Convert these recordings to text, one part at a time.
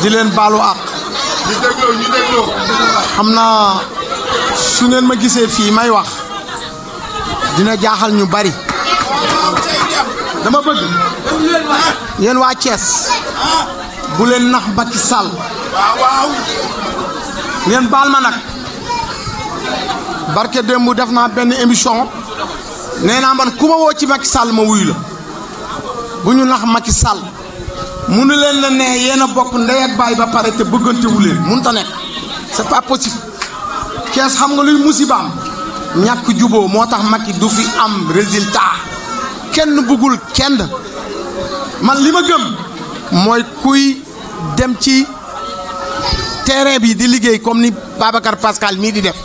di leen baalu àq. ñu xam naa su ngeen ma gisee fii may wax dina jaaxal ñu bari dama bëgg yéen waa Thiès bu leen nax Macky Sall ngeen baal ma nag barke démb def naa benn émission nee naa man ku ma ci Macky Sall ma wuyu bu ñu nax Macky Sall. munu leen na ne yéen a bokk ndey ak baay ba pare te bëggantewu leen mun ta nekk c'est pas possible kees xam nga luy musibaam ñàkk juboo moo tax Macky du fi am résultat kenn bëggul kenn man li ma gëm mooy kuy dem ci terrain bi di liggéey comme ni Babacar Pascal mii di def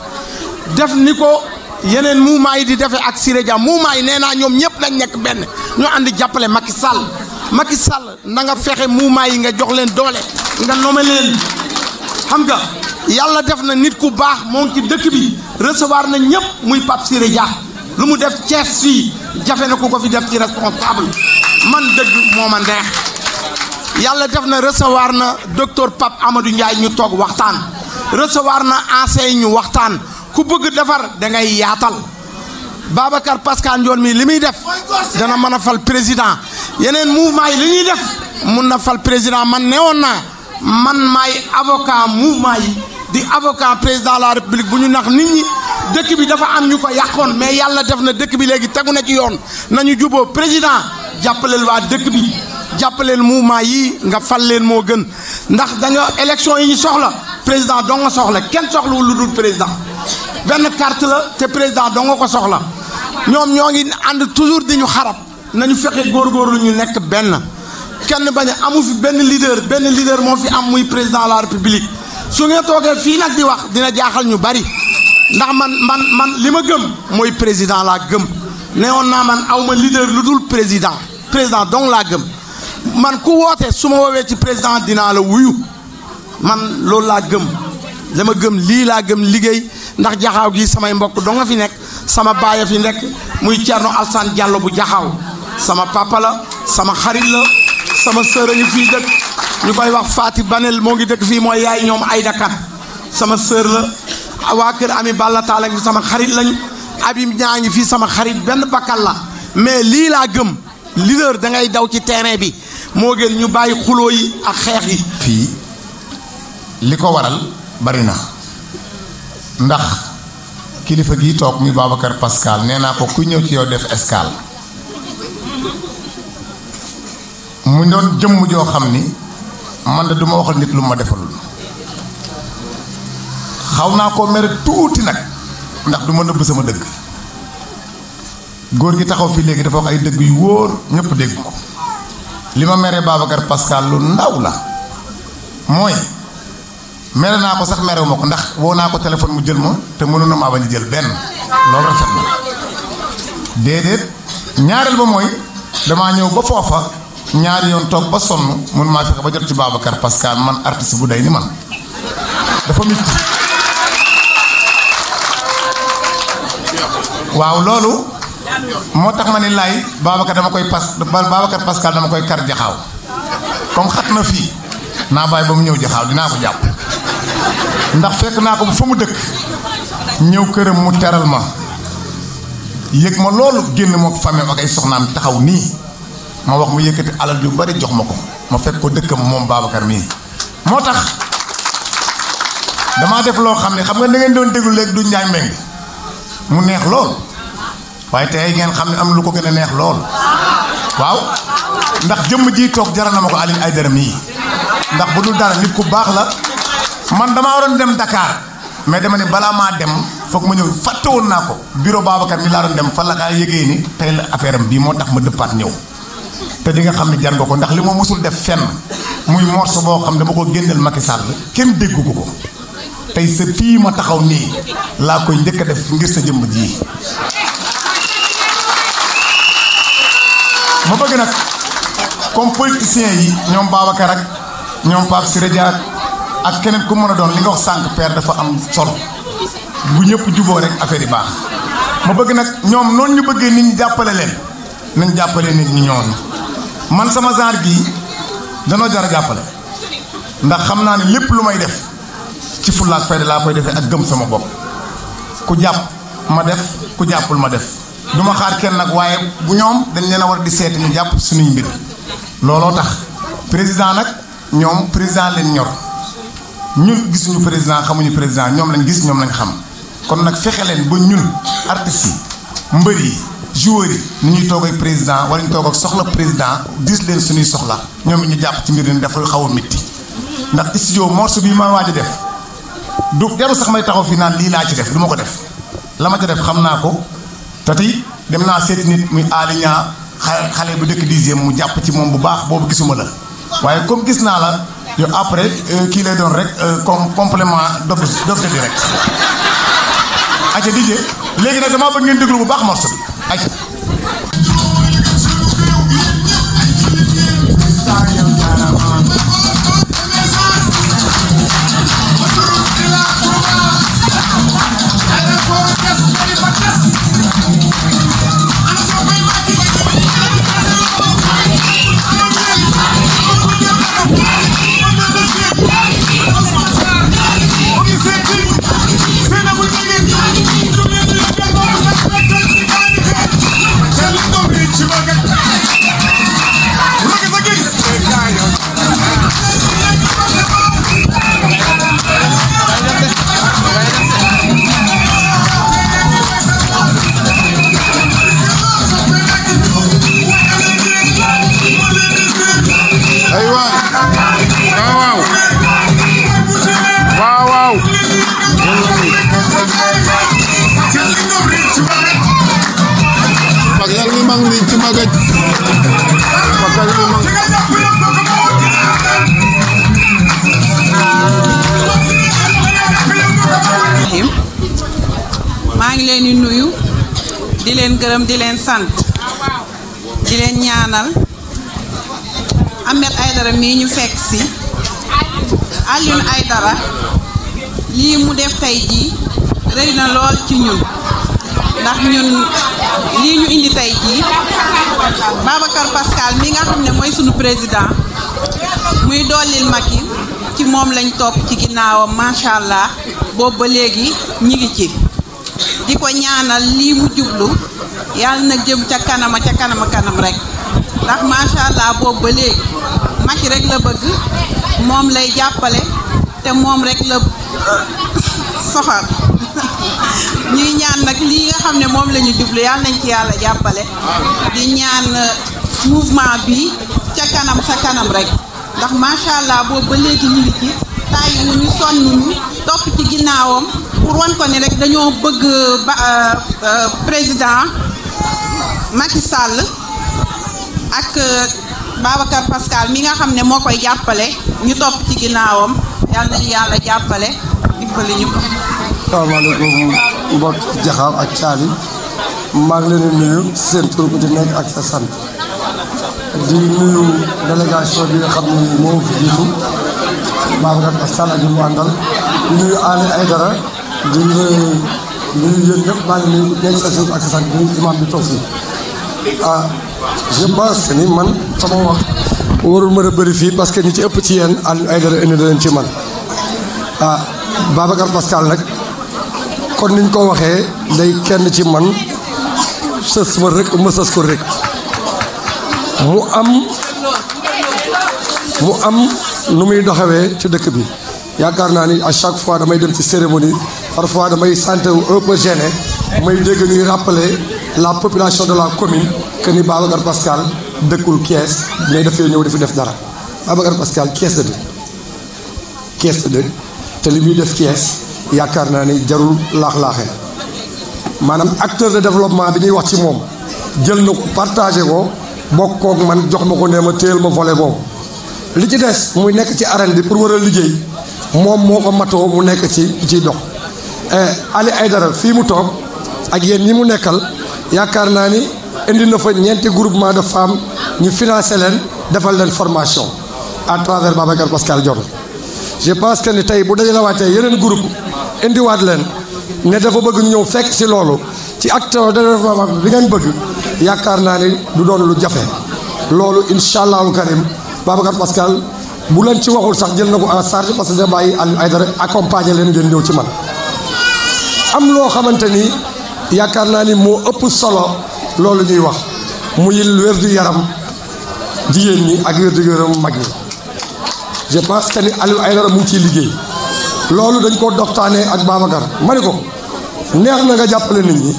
def ni ko yeneen mouvement yi di defee ak Siré Dia mouvement yi nee naa ñoom ñëpp nañ nekk benn ñu àndi jàppale Macky Sall Macky Sall na nga fexé mouvement nga jox len doole nga nomé len xam nga yalla def na nit ku bax mo ngi dëkk bi recevoir na ñëpp muy pap Siré ja lu mu def Thiès fi jafé na ku ko fi def ci responsable man dëgg mo man neex yalla def na recevoir na docteur pap Amadou Ndiaye ñu tok waxtaan recevoir na enseigne ñu waxtaan ku bëgg defar da ngay yaatal. Babacar Pascal Ndiol mi limi def dana mën fal président yenen mouvement yi liñuy def mun na fal président man newoon na man may avocat mouvement yi di avocat président de la république buñu ñu nax nit ñi dëkk bi dafa am ñu ko yàqoon mais yalla def na dëkk bi léegi tegu na ci yoon nañu jubo président jàppaleel wa dëkk bi jàppaleel mouvement yi nga fal leen mo gën ndax da nga élection yi ñi soxla président doo nga soxla kenn soxlu lu dul président benn carte la te président doo nga ko soxla ñoom ñoo ngi ànd toujours di ñu xarab nañu fexe góorgóorlu ñu nekk benn kenn bañ amu fi benn leader benn leader moo fi am muy président de la république su ngeen toogee fii nag di wax dina jaaxal ñu bari ndax man man man li ma gëm mooy président laa gëm newoon naa man aw ma leader lu dul président président donc la gëm man ku woote su ma ci président dinaa la wuyu man loolu laa gëm dama gëm lii laa gëm liggéey ndax jaxaw gi samay mbokk doo nga fi nekk sama baaya fi nekk muy Thierno Alsane Diallo bu jaxaw sama papa sama xarit la sama sœur a ngi fii dëkk ñu koy wax Faati Banel moo ngi dëkk fii mooy yaay ñoom Ayda Kat sama sœur la waa kër Ami Balla Taala ngi sama xarit lañu Abim ñaa ngi fii sama xarit benn bakkal la mais lii laa gëm leader dangay daw ci terrain bi moo gën ñu bàyyi xuloo yi ak xeex yi. fii li ko waral bari na. ndax kilifa gi tok muy babakar Pascal nee ko ku ñew ci yow def escale mu doon jëm jo xamni man da duma waxal nit lu ma defal xawna ko mer mere tuuti nak, ndax duma neub sama deug góor gi taxaw fi legi dafa wax ay deug yu ko mere babakar Pascal lu ndaw la moy mere naa ko sax merew ko ndax woo naa ko téléphone mu jël ma te mënoon na maa bañ a jël benn loolu rafet na déedéet ñaareel ba mooy damaa ñëw ba foofa ñaari yoon toog ba sonn mun maa fexe ba ci Babacar parce que man artiste bu day ni man dafa loolu moo tax ma ne laay Babacar dama koy pas Babacar Pascal dama koy kar jaxaaw comme xat na fii naa bàyyi ba mu ñëw jaxaaw dinaa ko jàpp ndax fekk naa ko fa mu dëkk ñëw këram mu teral ma yëg ma loolu génn mook famille ak ay soxnaan taxaw nii ma wax mu yëkkati alal yu bari jox ma ko ma fekk ko dëkkam moom Babacar mii moo tax damaa def loo xam ne xam nga da ngeen doon déglu léegi du njaay mbeng mu neex lool waaye te ay ngeen xam ne am lu ko gën a neex lool waaw ndax jëmm ji toog jaral na ma ko Alioune Aïdara mii ndax bu dul dara nit ku baax la man dama waron dem dakar mais dama ni bala ma dem fokk ma ñew fatte won nako bureau babakar mi la ron dem fa la ka yegge ni tay la affaire bi mo tax ma deppat ñew te di nga xamni jar nga ko ndax limo musul def fenn muy morso bo xam dama ko gendel Macky Sall kenn deggu ko tay sa fi ma taxaw ni la koy ñëk def ngir sa jëm ji ma bëgg nak comme politiciens yi ñom babakar ak ñom pap sirajak ak keneen ku mën a doon li nga wax sànq père dafa am solo bu ñëpp juboo rek affaire yi baax ma bëgg nag ñoom noonu ñu bëggee nit ñu jàppale leen nañ jàppale nit ñu ñoon man sama genre gii danoo jar a jàppale ndax xam naa ni lépp lu may def ci fulla ak fayda laa koy defee ak gëm sama bopp ku jàpp ma def ku jàppul ma def du ma xaar kenn nag waaye bu ñoom dañ leen a war di seeti ñu jàpp suñuy mbir looloo tax président nag ñoom président leen ñor ñun gisuñu président xamuñu président ñoom lañ gis ñoom lañ xam kon nag fexe leen ba ñun artistes yi mbër yi joueur yi ni ñuy toog ak président wala ñu toog ak soxla président gis leen suñuy soxla ñoom ñu jàpp ci mbir ni dafa xaw a ndax studio morceau bi ma waaj def du jaru sax may taxaw fi naan lii laa ci def du ma ko def Lama ma def xam naa ko tati dem naa seeti nit muy aaliñaa xale bu dëkk dixième mu jàpp ci moom bu baax boobu gisuma la waaye comme gis naa la yo après euh, qui les donne rek euh, comme complément d'objet direct. ayca DJ léegi nag damaa bëgg ngeen déglu bu baax morceau bi sant di leen ñaanal Ahmed Aidara mii ñu fekk si Alioune Aidara lii mu def tey jii rëy na lool ci ñun ndax ñun lii ñu indi tey jii Babacar Pascal mi nga xam ne mooy sunu président muy dollil yi ci moom lañ topp ci ginnaawam macha allah boobu ba léegi ñi ngi ci di ko ñaanal lii mu jublu yàlla na jëm ca kanama ca kanama kanam rek ndax macha allah boobu ba léegi Macky rek la bëgg moom lay jàppale te moom rek la soxal ñuy ñaan nag li nga xam ne moom la ñu jublu yàlla nañ ci yàlla jàppale di ñaan euh, mouvement bi ca kanam sa kanam rek ndax macha allah boobu ba léegi ñu ngi ci tàyyi wu ñu sonn ñu topp ci ginnaawam pour wan ko ni rek dañoo bëgg euh, ba euh, président Macky Sall ak euh, Babacar Pascal mi nga xam ne moo koy jàppale ñu topp ci ginnaawam yal yàlla jàppale dimbali ñu ko. salaamaaleykum jaxaw ak caali maa ngi leen di seen tur bu di nekk ak sa sant di nuyu délégation bi nga xam ne moo fi jiitu Babacar Pascal ak mu àndal di nuyu Aliou Aïdara di nuyu yéen maa ngi nekk sa tur ak sa sant di imam bi toog fii. ah je ni man sama wax warul mën a bari fii parce que ñi ci ëpp ci yéen ay dara indi leen ci man ah Babacar nag kon niñ ko waxee day kenn ci man sës ma rek ma mu am mu am nu muy doxawee ci dëkk bi yaakaar naa ni à chaque fois damay dem ci cérémonie parfois damay santé wu un may dégg ñuy rappeler la population de la commune que ni Babacar Pascal dëkkul Thiès mais dafay ñëw dafa def dara Babacar Pascal Thiès la dëkk Thiès la dëkk te li muy def Thiès yaakaar naa ni jarul laax-laaxee maanaam acteur de développement bi ñuy wax ci moom jël na ko partagé ko bokkook man jox ma ko nee ma téyel ma volet boobu li ci des muy nekk ci arène bi pour war a liggéey moom moo ko matoo mu nekk ci ciy dox eh, ay dara fii mu toog ak yéen ñi mu nekkal yaakaar naa ni indi na fa ñeenti groupement de femmes ñu financé leen defal leen formation à travers Babacar Pascal Dione je pense que ni tey bu dajale waatee yeneen groupe indiwaat leen ne dafa bëgg ñu ñëw fekk si loolu ci acteur de développement bi ngeen bëgg yaakaar naa ni du doon lu jafe loolu incha allahu karim Babacar Pascal bu leen ci waxul sax jël na ko en charge parce que da bàyyi ay dara accompagner leen ngeen ñëw ci man am loo xamante ni. yaakaar naa ni moo ëpp solo loolu ñuy wax muy wérgu yaram jigéen ñi ak wérgu yaram mag ñi je pense que ni Aliou Aïdara mu ngi ciy liggéey loolu dañ ko doxtaanee ak Babacar ma ne ko neex na nga jàppale nit ñi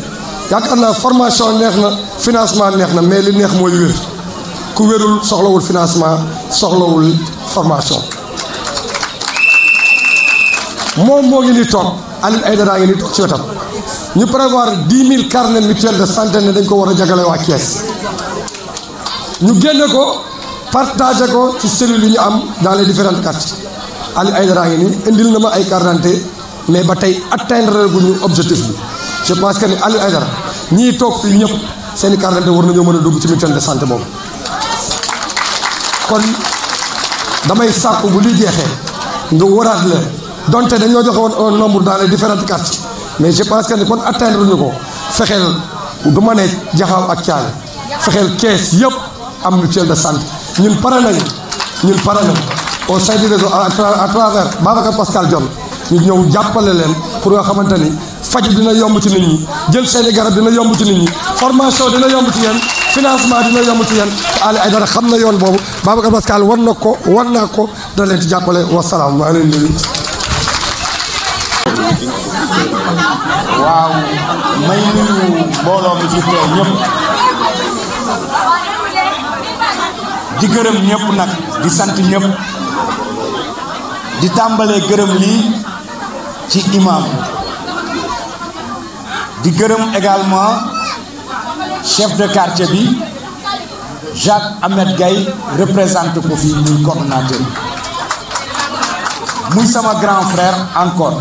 yaakaar naa formation neex na financement neex na mais li neex mooy wér ku wérul soxlawul financement soxlawul formation moom moo ngi ni toog Aliou Aïdara ngi ni toog ci wetam ñu prévoir dix mille carnet mutuelle de santé ne dañ ko war a jagale waa Thiès ñu génne ko partagé ko ci cellules yi ñu am dans les différentes quartiers Aliou Aïdara ngi nii indil na ma ay carnet mais ba tey atteindre gu ñu objectif bi je pense que ni Aliou Aïdara ñii toog fii ñëpp seen i carnet war nañoo mën a dugg ci mutuelle de santé boobu kon damay sàkku bu li jeexee nga waraat la donte dañoo joxe woon un nombre dans les différentes cartes mais je pense que ne kon atteindre ñu ko fexeel du ma ne jaxaaw ak caale fexeel kees yëpp am mutuelle de sant ñun pare nañu ñun pare nañu au sein du réseau à travers Babacar Pascal Dione ñu ñëw jàppale leen pour nga xamante ni faj dina yomb ci nit ñi jël seeni garab dina yomb ci nit ñi formation dina yomb ci yéen financement dina yomb ci yéen Ali Aïdara xam na yoon boobu Babacar Pascal war na ko war naa ko dina leen ci jàppale wasalaam maa leen waaw may nuyu mbooloo mi ci di gërëm ñépp nag di sant ñëpp di tàmbalee gërëm lii ci imam di gërëm également chef de quartier bi Jacques Ahmed Gaye représente ko fii muy coordonnateur muy sama grand frère encore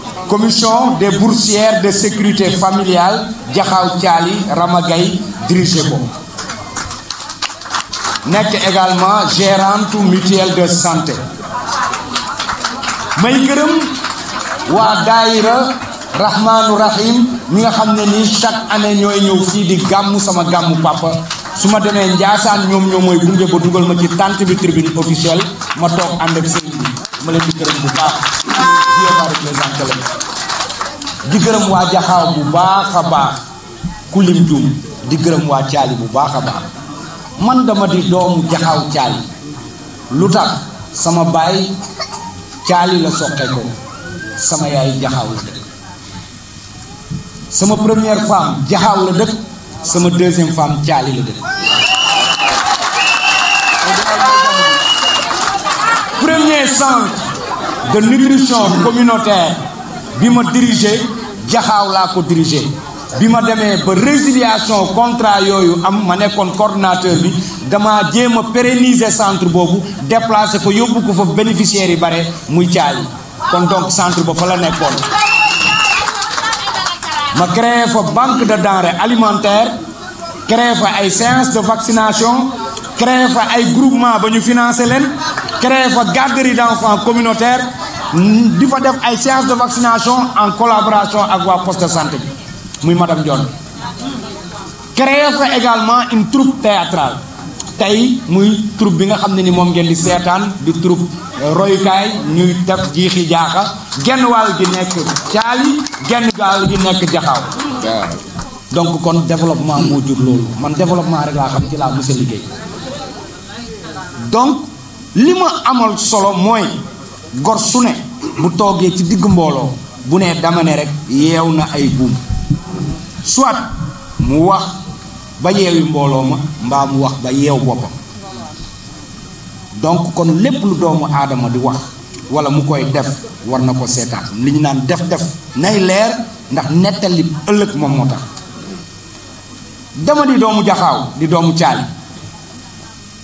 commission des boursières de sécurité familiale Diakhao Thiali Ramagay dirigé ko également gérante mutuelle de santé may gërëm waa daayira rahmaanu rahim ñi nga xam ne chaque année ñooy ñëw fii di gamu sama gamu papa Suma ma demee Njaasaan ñoom ñoo mooy gunge ba dugal ma ci tànt bi tribune officielle ma toog ànd ak sëñ ma leen di gërëm bu baax Dia di gërëm wa jaxaw bu baax ba ku lim juum di gërëm wa tiali bu baax ba man dama di doomu jaxaw tiali lu sama bay tiali la soqe ko sama yaay jaxaw la dëkk sama première femme jaxaw la dëkk sama deuxième femme tiali la dëkk premier sang de nutrition communautaire bima ma diriger jaxaaw la ko diriger bima ma ba résiliation contrat yoyu am ma nekkoon de bi dama jéem pérenniser centre pour déplacer ko yobou ko fa bénéficiaires yi muy donc centre ba fa la ma banque de denrées alimentaires créé fa ay séances de vaccination créé fa ay groupement ba ñu garderie d'enfants communautaire di fa def ay séance de vaccination en collaboration ak waa poste de santé bi muy madame Dione créer fa également une troupe théâtrale tey muy troupe bi nga xam ne ni moom ngeen di seetaan di troupe euh, royukaay ñuy def jiixi jaaxa genn wàll gi nekk caali genn wàll gi nekk jaxaw donc kon développement moo jur loolu man développement rek laa xam ci laa mës a liggéey donc li ma amal solo mooy gor su ne bu toogee ci digg mbooloo bu ne dama ne rek yeew na ay buum soit mu wax ba yi mbooloo ma mbaa mu wax ba yeew boppam donc kon lépp lu doomu aadama di wax wala mu koy def war na ko seetaan li ñu naan def def nay leer ndax nettali ëllëg moom moo tax dama di doomu jaxaaw di doomu caali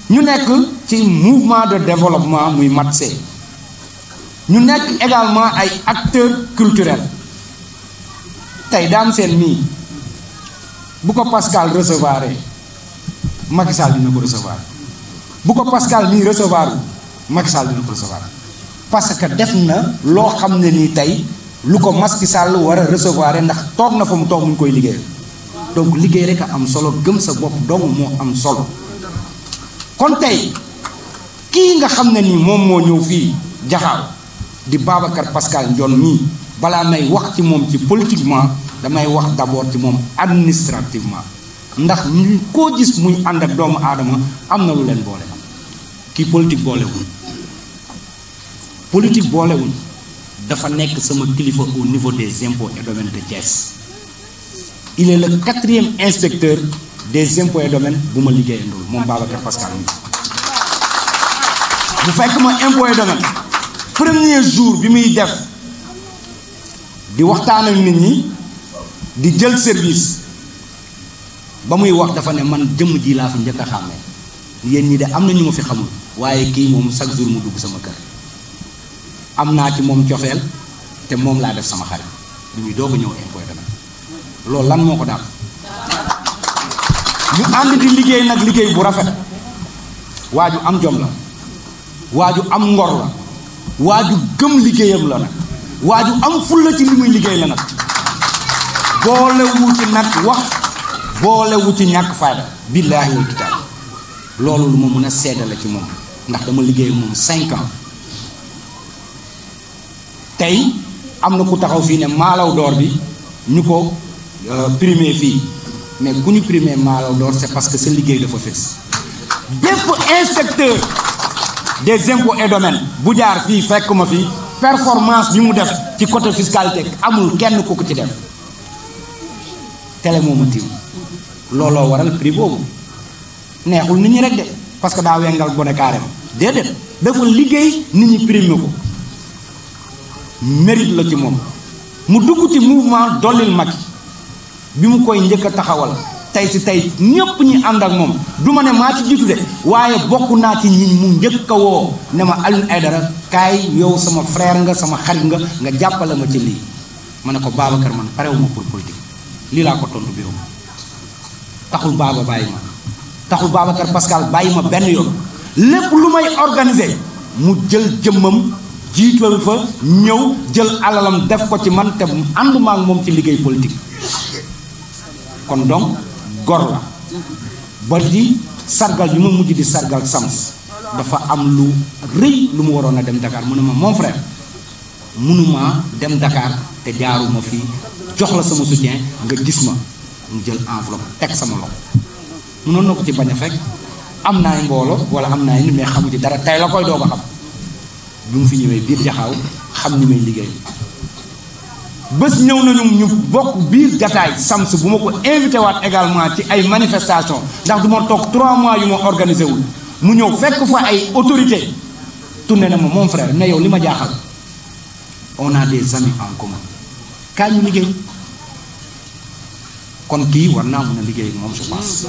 ñu nekk ci mouvement de développement muy matse ñu nekk également ay acteur culturel tey daam seen mii bu ko Pascal recevoir Macky Sall dina ko recevoir bu ko Pascal mii recevoir Macky Sall dina ko recevoir parce que def na loo xam ne nii tey lu ko Macky Sall war a recevoir ndax toog na fa mu toog mu koy liggéeyal donc liggéey rek a am solo gëm sa bopp dong moo am solo kon tey kii nga xam ne nii moom moo ñëw fii jaxaaw di Babacar Pascal Ndione mii balaa nay wax ci moom ci politiquement damay wax d'abord ci moom administrativement ndax ñu koo gis muy ànd ak doomu aadama am na lu leen boole kii politique boolewuñ politique boolewuñ dafa nekk sama kilifa au niveau des impôts et domaines de Thiès il est le quatrième inspecteur des impôts et domaines bu ma liggéeyandoo moom Babacar Pascal mii fekk ma impôts et premier jour bi muy def di waxtaan ak nit ñi di jël service ba muy wax dafa ne man jëm ji laa fi njëkk a xàmmee yéen ñi de am na ñu ma fi xamul waaye kii moom chaque jour mu dugg sama kër am naa ci moom cofeel te moom laa def sama xarit bi muy doog a ñëw impôt tamit loolu lan moo ko daal ñu ànd di liggéey nag liggéey bu rafet waaju am jom la waaju am ngor la waa ju gëm liggéeyam la nag waa ju am fulla ci li muy liggéey la nag boolewu ci nag wax boolewu ci ñàkk fayda billaahi wal kitaab loolu lu ma mën a seddale ci moom ndax dama liggéey moom cinq ans tey am na ku taxaw fii ne maalaw door bi ñu ko euh, primé fii mais ku ñu prime maalaw door c'est parce que sa liggéey dafa fees bépp inspecteur des impôts et domaines bu jaar fii fekk ma fi performance bi mu def ci côté fiscalité amul kenn ku ko ci def télé moomu tiim looloo waral prix boobu neexul nit ñi rek de parce que daa wengal gone carrément déedéet deful liggéey nit ñi primé ko mérite la ci moom mu dugg ci mouvement dollil Macky bi mu koy njëkk a taxawal tey si tey ñëpp ñi ànd ak moom du ma ne waaye bokk naa ci ñi mu njëkk a woo ne ma Alioune Aidara kaay yow sama frère nga sama xarit nga nga jàppale ma ci ma ne ko Babacar man parewu ma pour lii laa ko tontu bureau taxul Baba bàyyi ma taxul Babacar Pascal bàyyi ma benn yoon lépp lu may organiser mu jël jëmmam jiital fa ñëw jël alalam def ko ci man te ànduma ak moom ci liggéey politique kon donc gor la ba di sargal yu ma mujj di sargal sams dafa am lu reuy lu mu warona dem Dakar mu ne ma mon frère munuma dem Dakar te jaaruma fi jox la sama soutien nga gis ma mu jël enveloppe tek sama loxo mënoon na ko ci bañ fek am naay wala am naay ni me xamu dara tay la koy xam bu mu fi ñewé biir jaxaw xam ni may liggéey bés ñëw nañu ñu bokk biir jataay sams bu ma ko invité waat également ci ay manifestation ndax du ma toog trois mois yu ma organisé wul mu ñëw fekk fa ay autorité tourné na ma mon frère ne yow li ma jaaxal on a des amis en commun kaa ñu liggéey kon kii war naa mën a liggéey moom je pense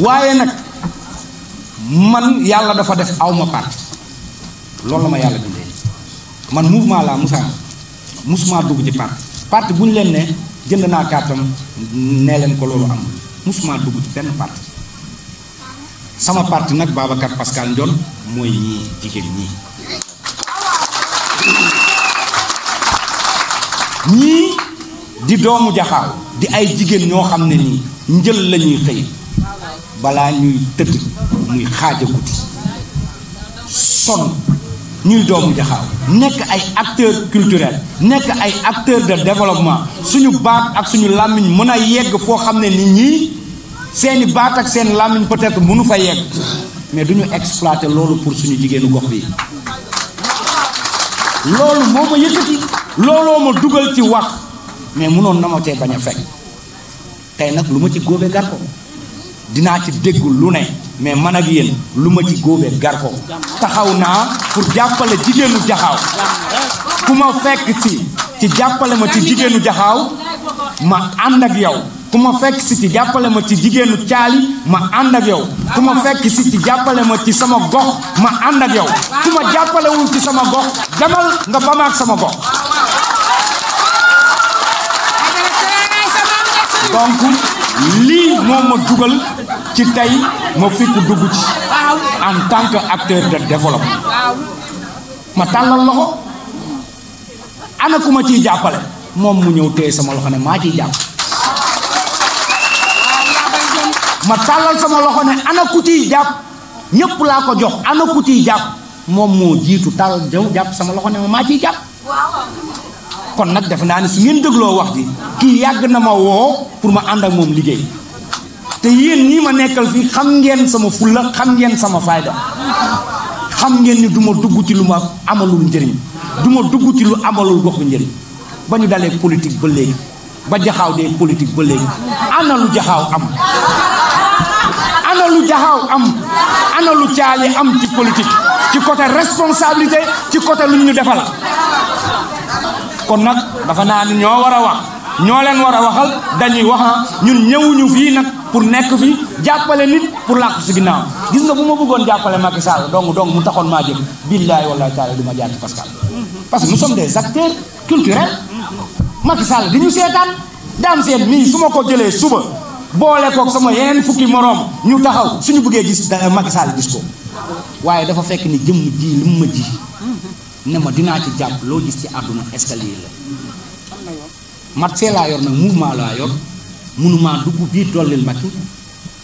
waaye nag man yàlla dafa def awma parti loolu la ma yàlla bindee man mouvement laa musaa musuma dugg ci parti parti bu ñu leen ne jënd naa kàttam nee leen ko loolu amul musuma dugg ci benn parti sama parti nag Babacar Pascal Ndione mooy ñii jigéen ñii ñii di doomu jaxaaw di ay jigéen ñoo xam ne nii njël lañuy ñuy xëy balaa ñuy tëdd muy xaaja guddi sonn ñuy doomu jaxaw nekk ay acteur culturel nekk ay acteur de développement suñu baat ak suñu làmmiñ mën a yegg foo xam ne nit ñi seeni baat ak seen làmmiñ peut être mënu fa yegg mais duñu exploiter loolu pour suñu jigéenu gox bi loolu moo ma yëkkati looloo ma dugal ci wax mais mënoon na ma cee bañ a fekk tey nag lu ma ci góobe gar ko dinaa ci dégg lu ne mais man ak yéen lu ma ji góobee gar ko taxaw naa pour jàppale jigéenu jaxaaw ku ma fekk si ci jàppale ma ci jigéenu jaxaaw ma ànd ak yow ku ma fekk si ci jàppale ma ci jigéenu caali ma ànd ak yow ku ma fekk si ci jàppale ma ci sama gox ma ànd ak yow ku ma jàppalewul ci sama gox demal nga ba sama gox donc lii moo ma dugal ci tey ma fikku dugg ci en tant que acteur de développement ma tàllal loxo ana ku ma ciy jàppale mu ñëw téye sama loxo ne maa ciy jàpp ma tàllal sama loxo ne ana ku ciy jàpp ñépp laa ko jox ana ku ciy jàpp moom moo jiitu tàll jëw jàpp sama loxo ne ma maa ciy jàpp kon nag def naa ne su ngeen dégloo wax ji kii yàgg na ma woo pour ma ànd ak moom liggéey te yeen ñi ma nekkal fi xam ngeen sama fulla xam ngeen sama fayda xam ngeen ni duma dugg ci lu ma amalul njëriñ du ma dugg ci lu amalul gox bi njëriñ ba ñu dalee politique ba légui ba jaxaw dé politique ba légui ana lu jaxaw am ana lu jaxaw am ana lu tiali am ci politique ci côté responsabilité ci côté lu ñu défal kon nak dafa naa ño wara wax ño len wara waxal dañuy waxa ah, ñun ñëwuñu fi nak pour nek fi jappalé nit pour lakku ci ginnaw gis nga buma bëggon jappalé Macky Sall dong dong mu taxone ma jëm billahi wallahi taala duma jatt Pascal parce que nous sommes des acteurs culturels Macky Sall di ñu dam daam seen suma ko jëlé suba bolé ko sama yeen fukki morom ñu taxaw suñu bëggé gis Macky Sall gis ko waye dafa fekk ni jëm ji li ma ji ne ma dina ci japp lo gis ci aduna escalier la mat yor nag mouvement la yor mënumaa dugg biir dollil Macky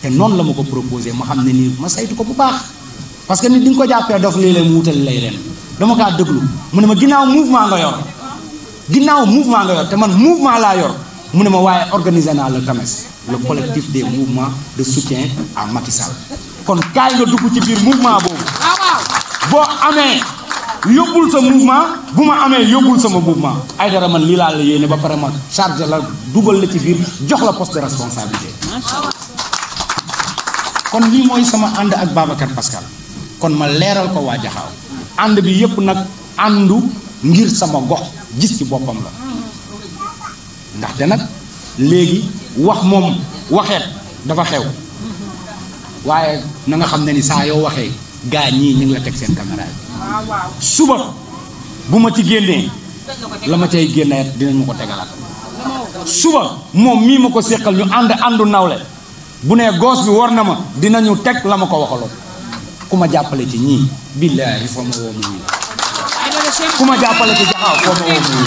te noonu la ma ko proposé ma xam ne nii ma saytu ko bu baax parce que nit di ko jàppee dof léeg-léeg mu wutal lay leen dama kaa déglu mu ne ma ginnaaw mouvement nga yor ginnaaw mouvement nga yor te man mouvement laa yor mu ne ma waaye organiser naa le CAMES le collectif des mouvements de soutien à Macky Sall kon kaay nga dugg ci biir mouvement boobu ah boo amee yobul sa mouvement buma amé yobul sama mouvement ay dara man lii la yéene ba paré ma charge la dougal la ci bir jox la poste de responsabilité kon li moy sama anda ak Babacar Pascal kon ma léral ko waa jaxaaw ànd bi yépp nak andu ngir sama gox gis ci bopam la wahmum nak légui wax nanga waxeet dafa xew waye na nga xamné ni sa yo waxé ñi ñu la tek sen camarade suba bu ma ci génnee la ma cay génnee dinañ ma ko tegalaat suba moom mii ma ko séqal ñu ànd àndu nawle bu nee goos bi war na ma dina dinañu teg la ma ko waxaloon ku ma jàppale ci ñii billaahi foo ma woo mu ku ma jàppale ci jaxaaw foo ma woo mu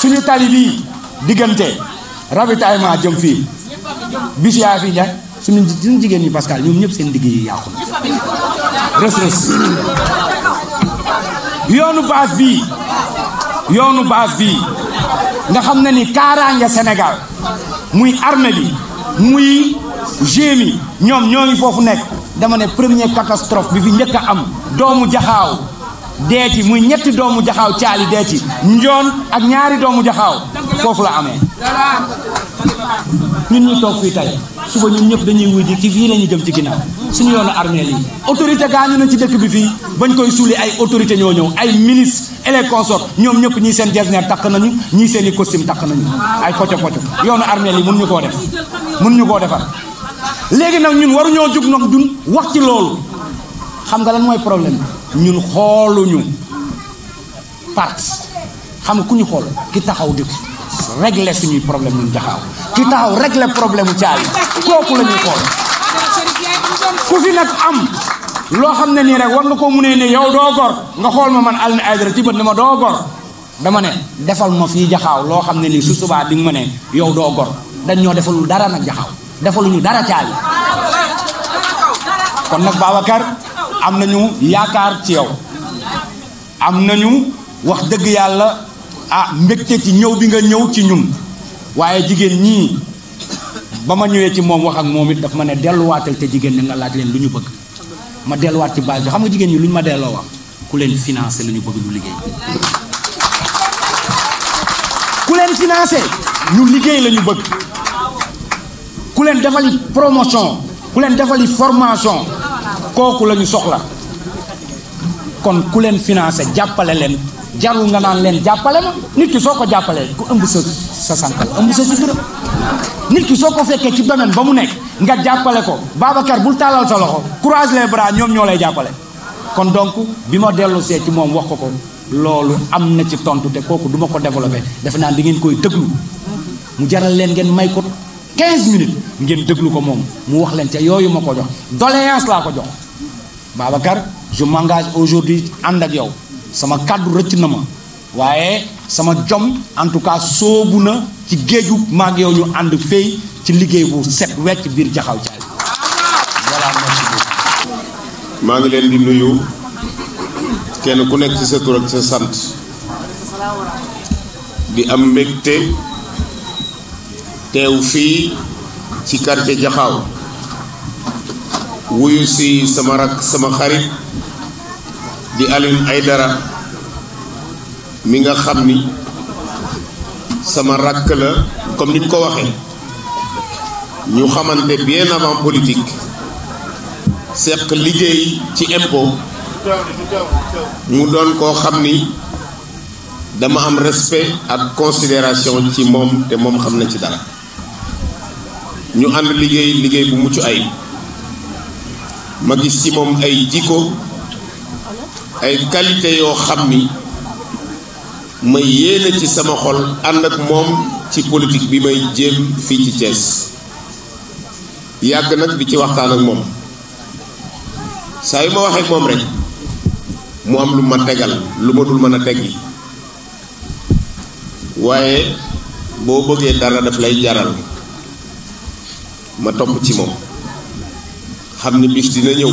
suñu tali bii diggante ravitaillement jëm fii bis yaa suñu suñu jigéen ñi Pascal ñoom ñëpp seen liggéey yàqu na rës rës yoonu base bii yoonu base bii nga xam ne ni kaaraange Sénégal muy armée bi muy gémi ñoom ñoo ngi foofu dama ne premier catastrophe bi fi njëkk am doomu jaxaaw deeti muy ñetti doomu deeti ak ñaari doomu la ñun ñu toog fii tey suba ñun ñëpp dañuy wujji ci fii lañu jëm ci ginnaaw suñu yoonu armée yi autorité gaañu na ci dëkk bi fii bañ koy suuli ay autorité ñoo ñëw ay ministre et les consorts ñoom ñëpp ñii seen gesner takk nañu ñii seen costume takk nañu ay poco poco yoonu armée yi mun ñu koo def mun ñu koo defar léegi nag ñun waru ñoo juk nag dun wax ci loolu xam nga lan mooy problème ñun xooluñu parti xam nga ku ñu xool ki taxaw dëkk régler suñuy problème mu jaxaaw ki taxaw régler problème mu caay kooku la ñuy xool ku fi nag am loo xam ne nii rek war nga koo munee ne yow doo gor nga xool ma man Alioune Aidara ci bët ne ma doo gor dama ne defal ma fii jaxaaw loo xam ne nii su di nga ma yow doo gor dañ ñoo defalul dara nag jaxaaw defaluñu dara caay kon nag Babacar am ñu yaakaar ci yow am nañu wax dëgg yàlla. ah mbekté ci ñew bi nga ñew ci ñun waaye jigen ñi ba ma ñëwee ci mom wax ak momit daf ma né delluwaatal watal té jigen nga laaj leen luñu bëgg ma wat ci base xam nga jigen ñi luñu ma delloo wax ku leen financer lu bëgg du liggéey ku leen financer ñu liggéey lañu bëgg ku leen defali promotion ku leen defali formation koku lañu soxla kon ku leen financer jappalé leen jarul nga naan leen jàppale ma nit ki soo ko jàppalee ku ëmb sa sa sànqal ëmb sa sutura nit ki soo ko fekkee ci domaine ba mu nekk nga jàppale ko Babacar bul tàllal sa loxo croise les bras ñoom ñoo lay jàppale kon donc bi ma dellu see ci moom wax ko ko loolu am na ci tontu te kooku duma ko développé defe naa di ngeen koy déglu mu jaral leen ngeen may ko 15 minutes ngeen déglu ko moom mu wax leen ca yooyu ma ko jox doléance laa ko jox Babacar je m'engage aujourd'hui ànd ak yow sama kàddu rëcc na ma waaye sama jom en tout cas soobu na ci géeju maag yow ñu ànd fay ci liggéey bu set wecc biir jaxaw caay voilà merci beaucoup maa ngi leen di nuyu kenn ku nekk ci sa tur ak sa sant di am mbégte teew fii ci quartier jaxaw wuyu si sama rak sama xarit di ay dara mi nga xam ni sama rakk la comme ni ko waxee ñu xamante bien avant politique seq liggéey ci impôt mu doon koo xam ni dama am respect ak consideration ci moom te moom xam na ci dara ñu ànd liggéey liggéey bu mucc ay ma gis ci moom ay jikko ay qualité yoo xam ni ma yéene ci sama xol ànd ak moom ci politique bi may jéem fii ci Thiès yàgg nag di ci waxtaan ak moom saa yu ma waxee moom rek mu am lu ma tegal lu ma dul mën a teggi waaye boo bëggee dara daf lay jaral ma topp ci moom xam ni bis dina ñëw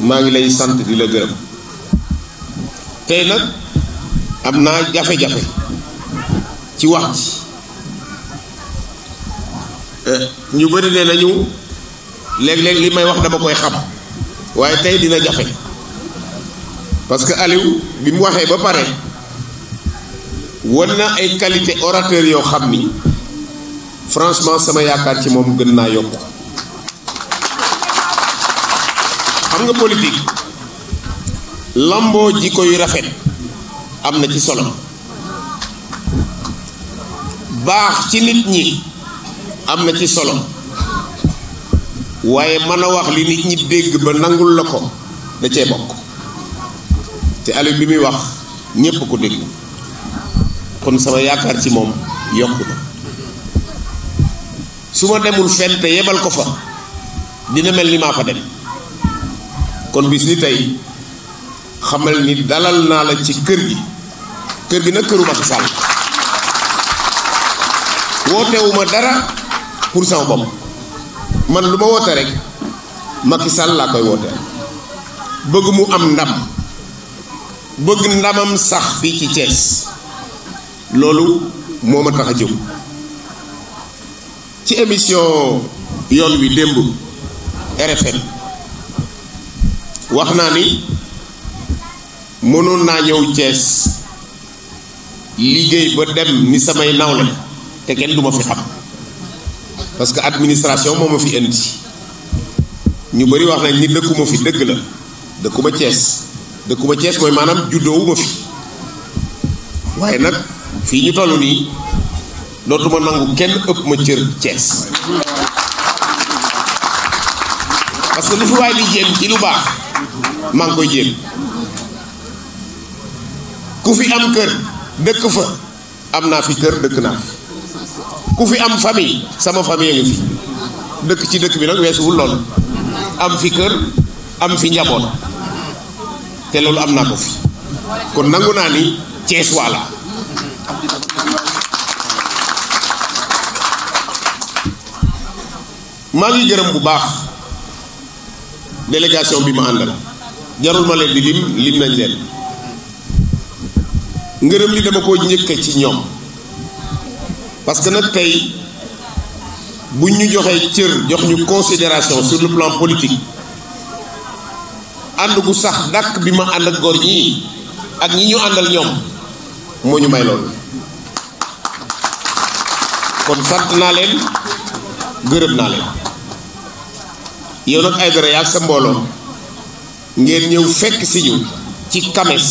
maa ngi lay sant di la gërëm tey nag am naa jafe-jafe ci wax ji eh, ñu bëri ne nañu léeg-léeg li may wax dama koy xam waaye tey dina jafe parce que Aliou bi mu waxee ba pare wan na ay qualité orateur yoo xam ni franchement sama yaakaar ci moom gën naa yokk xam nga politique lamboo jikko yu rafet am na ci solo baax ci nit ñi am na ci solo waaye mën a wax li nit ñi dégg ba nangul la ko da cee bokk te Aliou bi muy wax ñépp ko dégg kon sama yaakaar ci moom yokku su ma demul fenn te yebal ko fa dina mel ni maa fa dem kon bis ni tey xamal ni dalal naa la ci kër gi kër gi nag këru Macky Sall wootewuma dara pour sama bopp man lu ma woote rek Macky Sall laa koy wooteel bëgg mu am ndam bëgg ndamam sax fii ci Thiès loolu moo ma tax a jëw ci émission yoon wi démb RFM wax naa ni mënoon naa ñëw Cees liggéey ba dem ni samay nawle te kenn du ma fi xam parce que administration moo ma fi indi ñu bari wax nañ ni dëkkuma fi dëgg la dëkkuma Cees dëkkuma Cees mooy maanaam juddoowuma fi waaye nag fii ñu toll nii dootuma nangu kenn ëpp ma cër Cees parce que lu fi waay di jéem ci lu baax mang koy jël ku fi am kër dëkk fa am naa fi kër dëkk naa ku fi am famille sama famille ngi fi dëkk ci dëkk bi nag weesuwul loolu am fi kër am fi njaboot te loolu am ko fi kon nangu naa ni Cees waala maa ngi gërëm bu baax délégation bi ma àndal jarul ma leen di lim lim nañ leen ngërëm li dama ko njëkk ci ñoom parce que nag tey bu ñu joxee cër jox ñu considération sur le plan politique ànd ku sax dàkk bi ma ànd ak góor ñi ak ñi ñu àndal ñoom moo ñu may loolu kon sant naa leen gërëm naa leen yow nag ay dara yaa sa mbooloo ngeen ñëw fekk si ñu ci kames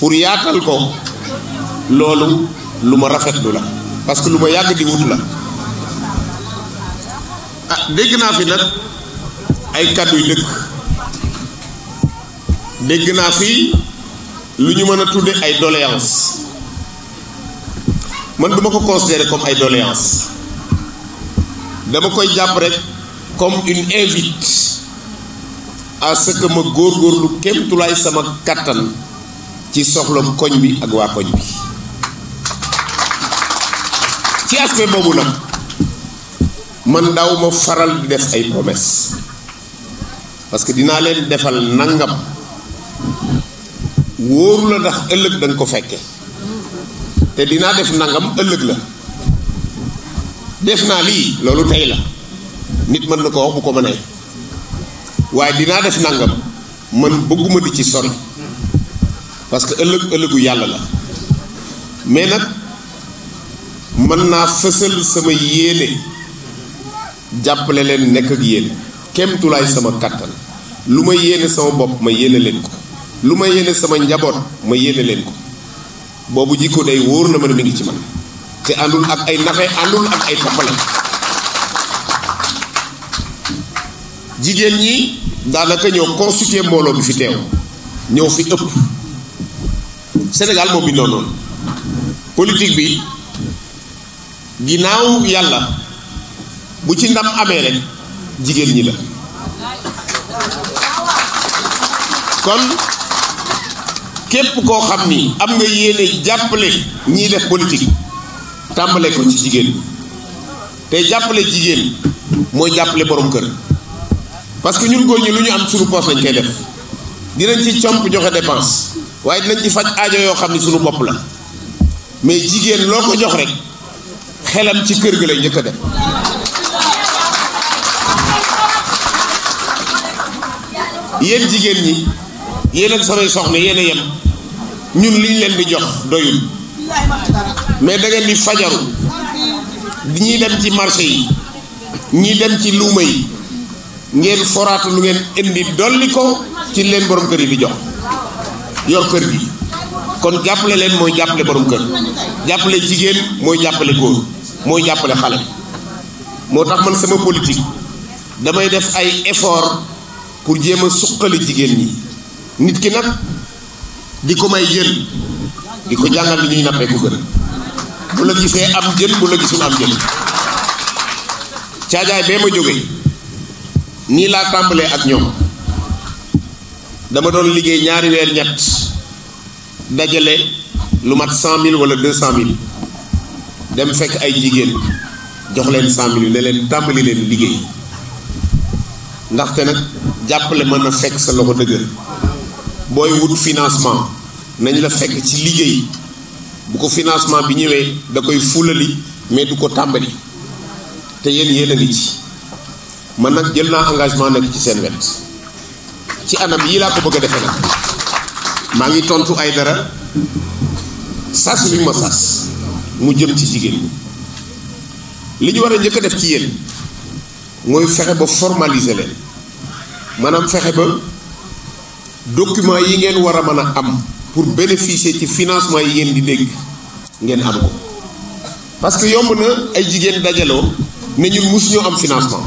pour yaatal ko loolu lu ma rafetlu la parce que lu ma yàgg di wut la ah, dégg naa fi nag ay kàddu dëkk dégg naa fi lu ñu mën a tudde ay doléance man duma ko considérer comme ay doléance dama koy jàpp rek comme une invite à ce que góor góorgóorlu kémtulaay sama kàttan ci soxla koñ bi ak waa koñ bi ci aspect boobu na man daaw ma faral di def ay promesse parce que dinaa leen defal nangam wóoru la ndax ëllëg danga ko fekke te dinaa def nangam ëllëg la def naa lii loolu tey la nit mën na ko wax bu ko mënee waaye dinaa def nangam man bëgguma di ci sone parce que ëllëg ëllëgu yàlla la mais nag mën naa fësal sama yéene jàppale leen nekk ak yéen kemtulaay sama kàttan lu ma yéene sama bopp ma yéene leen ko lu may yéene sama njaboot ma yéene leen ko boobu jikko day wóor na ma ne mi ngi ci man te àndul ak ay naxe àndul ak ay tappale jigéen ñi daanaka ñoo constitué mbooloo bi fi teew ñëw fi ëpp Sénégal moo bindoo noonu politik bi ginnaaw yàlla bu ci ndam amee rek jigéen ñi la kon képp koo xam ni am nga yéene jàppale ñiy def politique tàmbale ko ci jigéen te jàppale jigéen mooy jàppale borom kër. parce que ñun góor ñi lu ñu am suñu poche lañ koy def dinañ ci comp joxe dépense waaye dinañ ci faj aajo yoo xam ne suñu bopp la mais jigéen loo ko jox rek xelam ci kër gi lay njëkk a dem yéen jigéen ñi yéen ak samay soxna yéen a yem ñun liñ leen di jox doyul mais da ngeen di fajaru ñii dem ci marché yi ñii dem ci luuma yi ngeen forat lu ngeen indi dolli ko ci leen borom keur di jox yor keur gi kon jappale leen moy jappale borom keur jappale jigen moy jappale goor moy jappale xale motax man sama politique damay def ay effort pour jema a jigen ni nit ki nak di may jël di jangal ni ñuy nappé ko gën bu la gisé am jël bu la gisul am jël caajaay be ma jógee nii laa tàmbalee ak ñoom dama doon liggéey ñaari weer ñett dajale lu mat cent mille wala deux cent mille dem fekk ay jigéen jox leen cent mille ne leen tàmbali leen liggéey ndaxte nag jàppale mën na fekk sa loxo dëgër booy wut financement nañ la fekk ci liggéey bu ko financement bi ñëwee da koy fulali mais du ko tàmbali te yéen yéen a ngi ci man nag jël naa engagement nekk ci seen wet ci anam yii laa ko bëgg a defee nag maa ngi tontu ay dara sas bi ma sas mu jëm ci jigéen li ñu war a njëkk def ci yéen mooy fexe ba formaliser leen maanaam fexe ba document yi ngeen war a mën a am pour bénéficier ci financement yi ngeen di dégg ngeen am ko parce que yomb na ay jigéen dajaloo ne ñun ñoo am financement.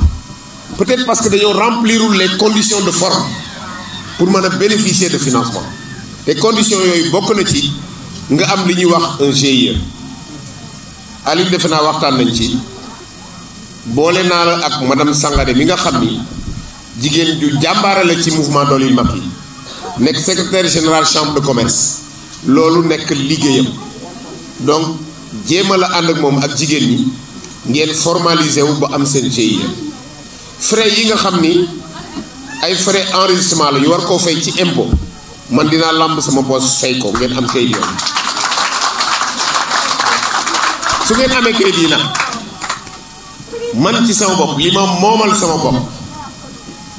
peut-être parce que dañoo remplirul les conditions de forme pour mën a bénéficier de financement te conditions yooyu bokk na ci nga am li ñuy wax un GIE Aliou defe naa waxtaan nañ ci boole naa la ak madame Sangaré mi nga xam ni jigéen ju jàmbaare la ci mouvement Dolil Macky nekk secrétaire général chambre de commerce loolu nekk liggéeyam donc jéem a la ànd ak moom ak jigéen ñi ngeen formaliser wu ba am seen GIE. frais yi nga xamni ay frais enregistrement la yu war ko fay ci impôt man dina lamb sama boss fay ko ngeen am kay yoon su ngeen amé kay dina man ci sama bop li ma sama bop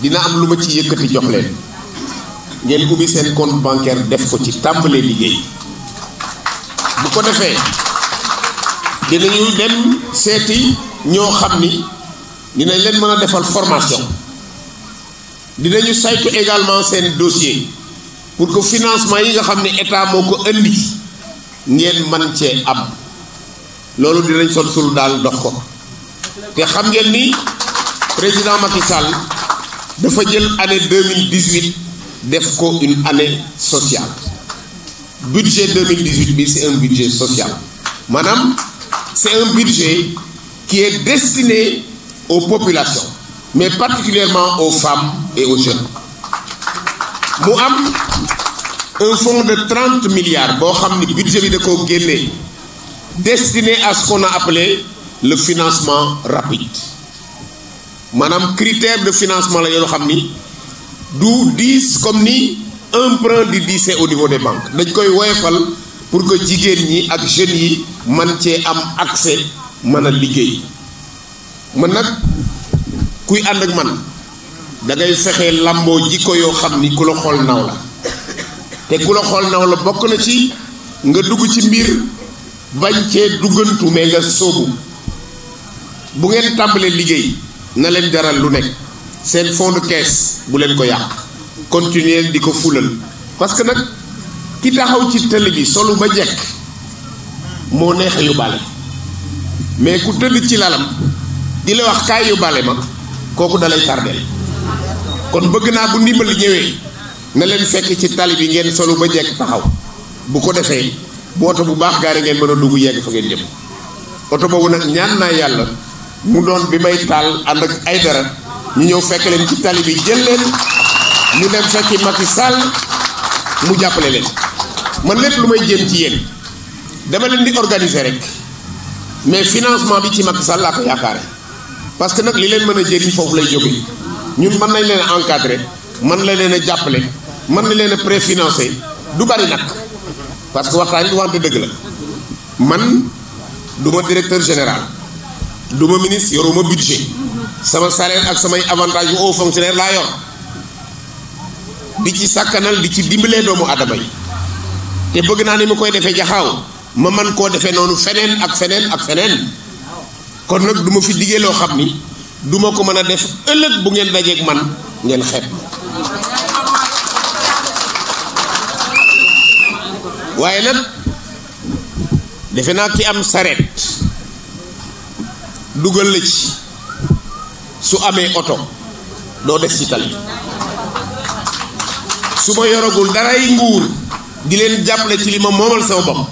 dina am luma ci yëkëti jox leen ngeen ubi seen compte bancaire def ko ci tambalé liggéey bu ko defee dinañu dem séti ño xamni dinañ leen mën a defal formation dinañu saytu également seen dossier pour que financement yi nga xam ne état moo ko indi ngeen man cee am loolu dinañ son sulu daal dox ko te xam ngeen ni président Macky Sall dafa jël année 2018 def ko une année sociale budget 2018 bi c'est un budget social maanaam c'est un budget qui est destiné aux populations mais particulièrement aux femmes et aux jeunes Nous am un fonds de 30 milliards boo budget de da destiné à ce qu'on a appelé le financement rapide Madame, critère de financement la yoo xam ni 10 comme ni emprunt 10 10 au niveau des banques dañ koy woyofal pour que les ak jeunes yi man accès à la mën nag kuy ànd ak man da ngay fexe làmboo jikko yoo xam ni ku la xool naw la te ku la xool naw la bokk na ci nga dugg ci mbir bañ cee duggantu mais nga soogu bu ngeen tàmbalee liggéey na leen jaral lu nekk seen fond de caisse bu leen ko yàq continuer di ko fulal parce que nag ki taxaw ci tëll bi solu ba jekk moo neex a yóbbaale mais ku tëdd ci lalam di la wax kaay yóbbaale ma kooku dalay tardel kon bëgg na bu ndimbal ñëwé na leen fekk ci talib yi ngeen solo ba jekk taxaw bu ko défé boto bu baax gaari ngeen mëna a dugg yegg fa ngeen jëm auto bobu nak ñaan na yalla mu doon bi may tal and ak ay dara ñu ñëw fekk leen ci talib yi jël leen ñu dem fekki Macky Sall mu jappalé leen man lepp lu may jëm ci yeen dama leen di organiser rek mais financement bi ci Macky Sall la ko parce que nag li leen mën a jëriñ foofu lay jóge ñun man nañ leen a encadrer mën la leen a jàppale mën na leen a préfinancer du bari nag parce que waxtaan yi waxante dëgg la man du ma directeur général du ma ministre yoruma budget sama salaire ak samay avantage yu haut fonctionnaire laa yor di ci sàkkanal di ci dimbalee doomu adama yi te bëgg naa ni mu koy defee jaxaaw ma man koo defee noonu feneen ak feneen ak feneen kon nag du ma fi liggéey loo xam ni duma ko mën a def ëllëg bu ngeen dajeek man ngeen xeeb waaye nag defe naa ki am sareet dugal la ci su amee oto doo def ci tali su ma yoragul daray nguur di leen jàppale ci li ma moomal sama bopp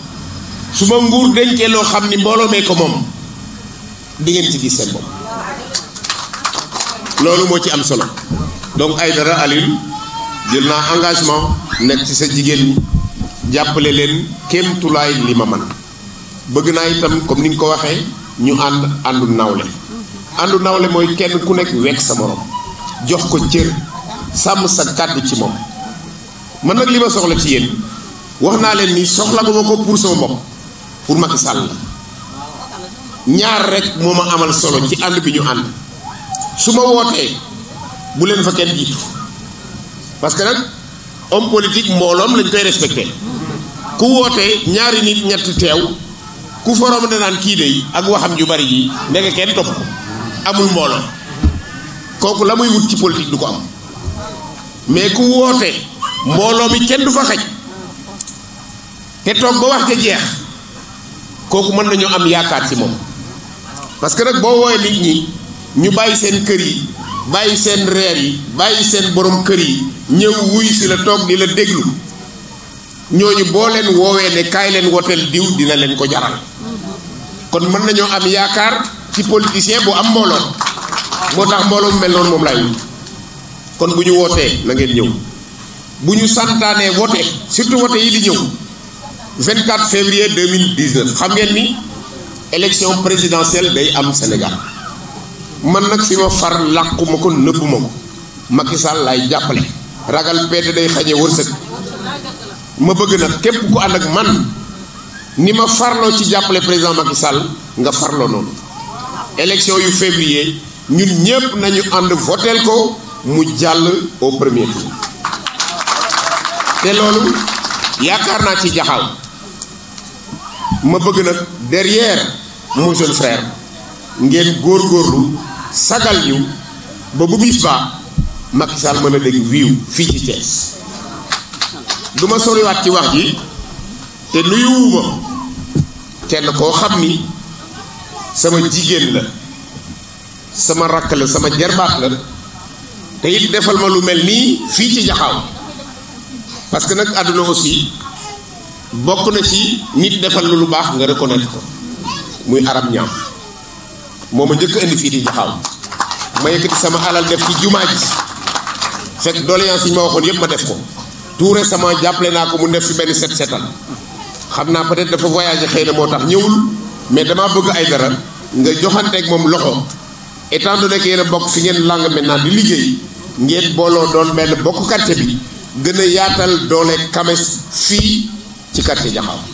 su ma nguur dencee loo xam ni mbooloo mee ko moom di ci gis seen bopp loolu moo ci am solo donc dara Alioune jël naa engagement nekk ci sa jigéen ñi jàppale leen kéem tulaay li ma man bëgg naa itam comme ni nga ko waxee ñu ànd àndu nawle àndu nawle mooy kenn ku nekk wekk sa morom jox ko cër sàmm sa kàddu ci moom mën nag li ma soxla ci yéen wax naa leen ni soxla bu ma ko pour sama bopp pour Macky Sall la ñaar rek moma amal solo ci and bi ñu and suma wote bu len fa kenn jiitu parce que nak homme politique mbolom lañ koy respecter ku wote ñaari nit ñett tew ku forom da nan ki de ak waxam ju bari yi kenn top amul mbooloo koku lamuy wut ci politique du ko am mais ku wote mbooloo mi kenn du fa xej te tok ba wax jeex koku man nañu am yaakaar ci parce que nag boo woowee nit ñi ñu bàyyi seen kër yi bàyyi seen reer yi bàyyi seen borom kër yi ñëw wuy si la toog di la déglu ñooñu boo leen woowee ne kaay leen woteel diw dina leen ko jaral kon mën nañoo am yaakaar ci politicien bu am mbooloo moo tax mbooloo mu mel noonu moom laay wut kon bu ñu wootee na ngeen ñëw bu ñu santaanee wote surtout wote yi di ñëw 24 février 2019 xam ngeen ni. élection présidentielle day am Sénégal man nag fi ma far làqu ma ko nëbbu ma ko Macky Sall laay jàppale ragal peete day xañe wërsëg ma bëgg nag képp ku ànd ak man ni ma farloo ci jàppale président Macky Sall nga farloo noonu élection yu février ñun ñépp nañu ànd voteel ko mu jàll au premier te loolu yaakaar naa ci jaxal ma bëgg nag derrière mon jeune frère góor góorlu sagal ñu ba bu bis ba Macky mën a dégg wiiw fii ci Thiès duma ma soriwaat ci wax ji te nuyuwuma kenn koo xam ni sama jigéen la sama rakk la sama jarbaat la te it defal ma lu mel nii fii ci jaxaw parce que nag àdduna aussi bokk na ci nit defal lu lu baax nga reconnaître ko muy arab ñam moma jëk njëkk indi fii di jaxaw ma yëkëti sama alal def ci jumaa ji fek doléance suñu ma waxon yëpp ma def ko tout récemment jappelé na ko mu def ci ben set setal xamna peut être dafa voyager xeyna motax ñewul mais dama bëgg ay dara nga joxante ak mom loxo étant donné que yéne bok bokk fi ngeen lang maintenant di liggéey ngeen bolo doon benn bokku quartier bi gëna yaatal doole kames fi ci quartier jaxaw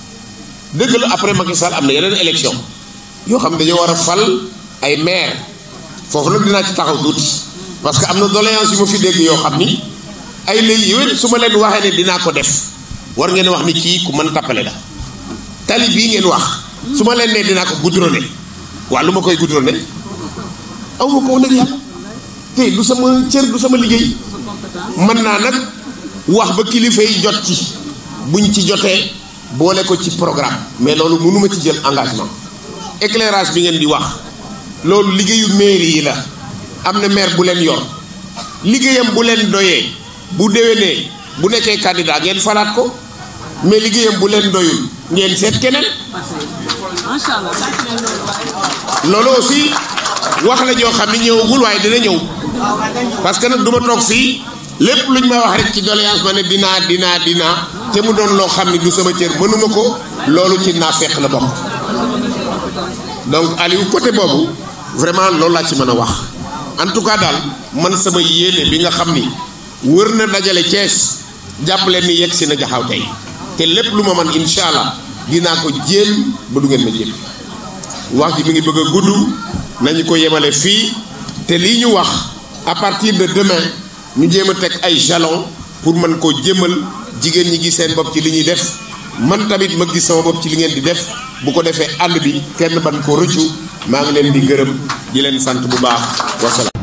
deug la après Macky Sall am yeneen élection yo xam dañu wara fal ay maire fofu nag dina ci taxaw tout parce que am doléance yu ma fi dégg yo xam ni ay lay yooyu suma len waxé ni ne ko def war ngeen wax ni ki ku man tapalé da tali bi ngeen wax suma len né ne ko goudronné waa lu ma koy goudronné aw ma ko nag yàlla té du sama cër du sama liggéey man na nak wax ba kilifa jot ci buñ ci joté boole ko ci programme mais loolu mënuma ci jël engagement éclairage bi ngeen di wax loolu liggéeyu mairie yi la am na maire bu leen yor liggéeyam bu leen doyee bu déwénee bu nekkee candidat ngeen falaat ko mais liggéeyam bu leen doyul ngeen seet keneen looloo aussi wax la joo xam ne ñëwagul waaye dina ñëw parce que nag toog fii lepp luñ ma wax rek ci doléance ma ne dina dina dinaa te mu doon lo xamni du sama cër mënuma ko lolu ci naa fekk la bok donc aliou côté bobu vraiment lolu la ci mëna wax en tout cas dal man sama yéene bi nga xamni ni wër na dajale ni na jaxaw tay te lepp lu man inshallah allah ko jël ba du ngeen ma jël wax ji mi ngi bëgg a nañ ko yemale fi te li ñu wax à partir de demain ñu jéem a teg ay jalon pour man koo jëmal jigéen ñi gis seen bopp ci li ñuy def man tamit ma gis sama bopp ci li ngeen di def bu ko defee ànd bi kenn ban ko rëccu maa ngi leen di gërëm di leen sant bu baax wasalaam